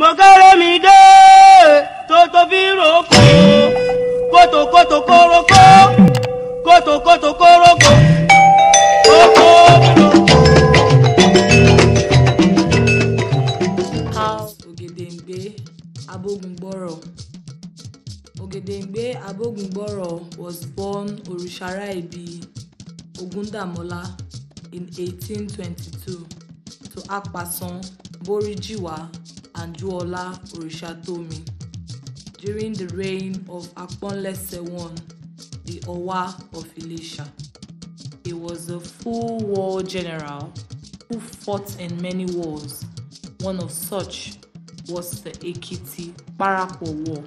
mo kéré mi dé tó fi roko kótókótó kóroko kótókótó kóroko oko mi lọ. ògèdèǹgbé abógungbọ́rọ̀ ògèdèǹgbé abógungbọ́rọ̀ was born òrìṣàrá ibi ogundamola in 1822 to akpasan borijiwa And Anjuola Orisatomi during the reign of Aponlese I, the Owa of Elisha, He was a full war general who fought in many wars. One of such was the Ekiti Parapo War.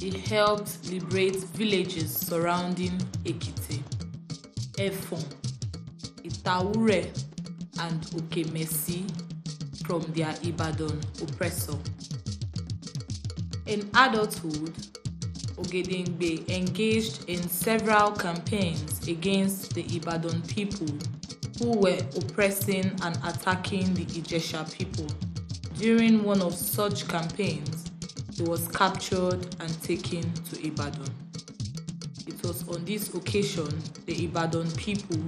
He helped liberate villages surrounding Ekiti, Efon, Itaure, and Okemesi from their Ibadan oppressor. In adulthood, Ogedengbe engaged in several campaigns against the Ibadan people who were oppressing and attacking the Ijesha people. During one of such campaigns, he was captured and taken to Ibadan. It was on this occasion the Ibadan people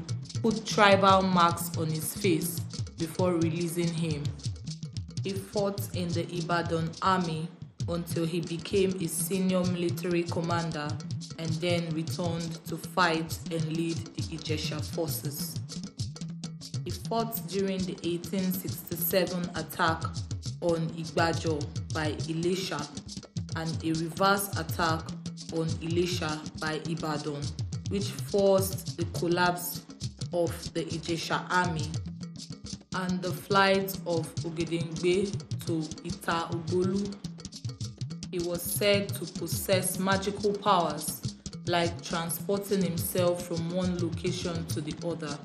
put tribal marks on his face before releasing him he fought in the Ibadan army until he became a senior military commander and then returned to fight and lead the Ijesha forces. He fought during the 1867 attack on Igbajo by Elisha and a reverse attack on Elisha by Ibadan, which forced the collapse of the Ijesha army and the flight of Ogedengbe to Ita Ogolu. He was said to possess magical powers like transporting himself from one location to the other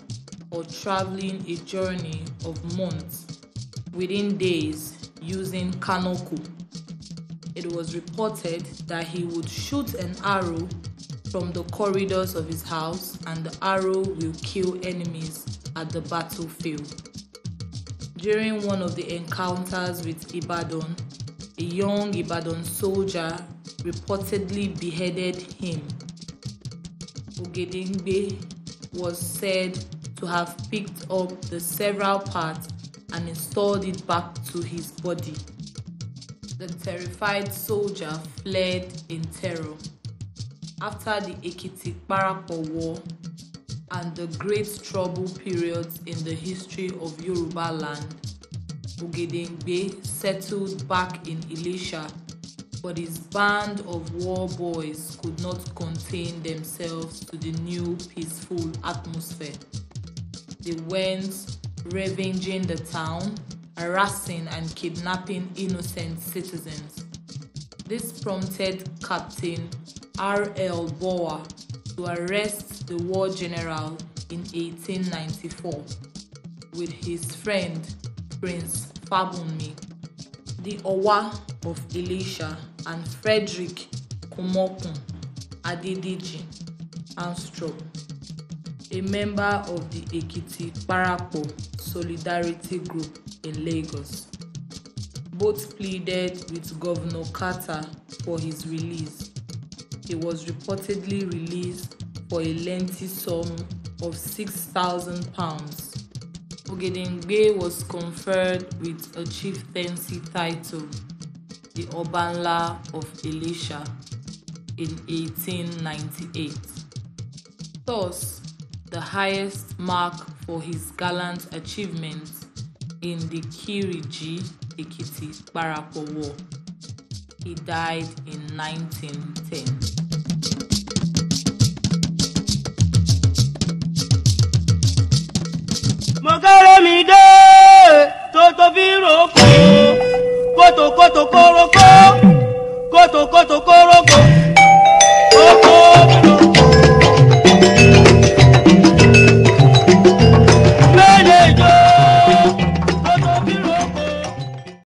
or traveling a journey of months within days using kanoku. It was reported that he would shoot an arrow from the corridors of his house and the arrow will kill enemies at the battlefield. During one of the encounters with Ibadan, a young Ibadan soldier reportedly beheaded him. Ogedengbe was said to have picked up the several parts and installed it back to his body. The terrified soldier fled in terror. After the Ekiti Parapo War, and the great trouble periods in the history of Yoruba land, Ogedengbe settled back in Elisha, but his band of war boys could not contain themselves to the new peaceful atmosphere. They went ravaging the town, harassing and kidnapping innocent citizens. This prompted Captain R.L. Boer to arrest the war general in 1894 with his friend Prince Fabunmi, the Owa of Elisha, and Frederick Kumokun Adediji Armstrong, a member of the Ekiti Parapo Solidarity Group in Lagos. Both pleaded with Governor Carter for his release he was reportedly released for a lengthy sum of £6,000. Ogedengbe was conferred with a chieftaincy title, the Obanla of Elisha, in 1898. Thus, the highest mark for his gallant achievements in the Kiriji Ikiti Parapo War. He died in 1910. mo let mi dé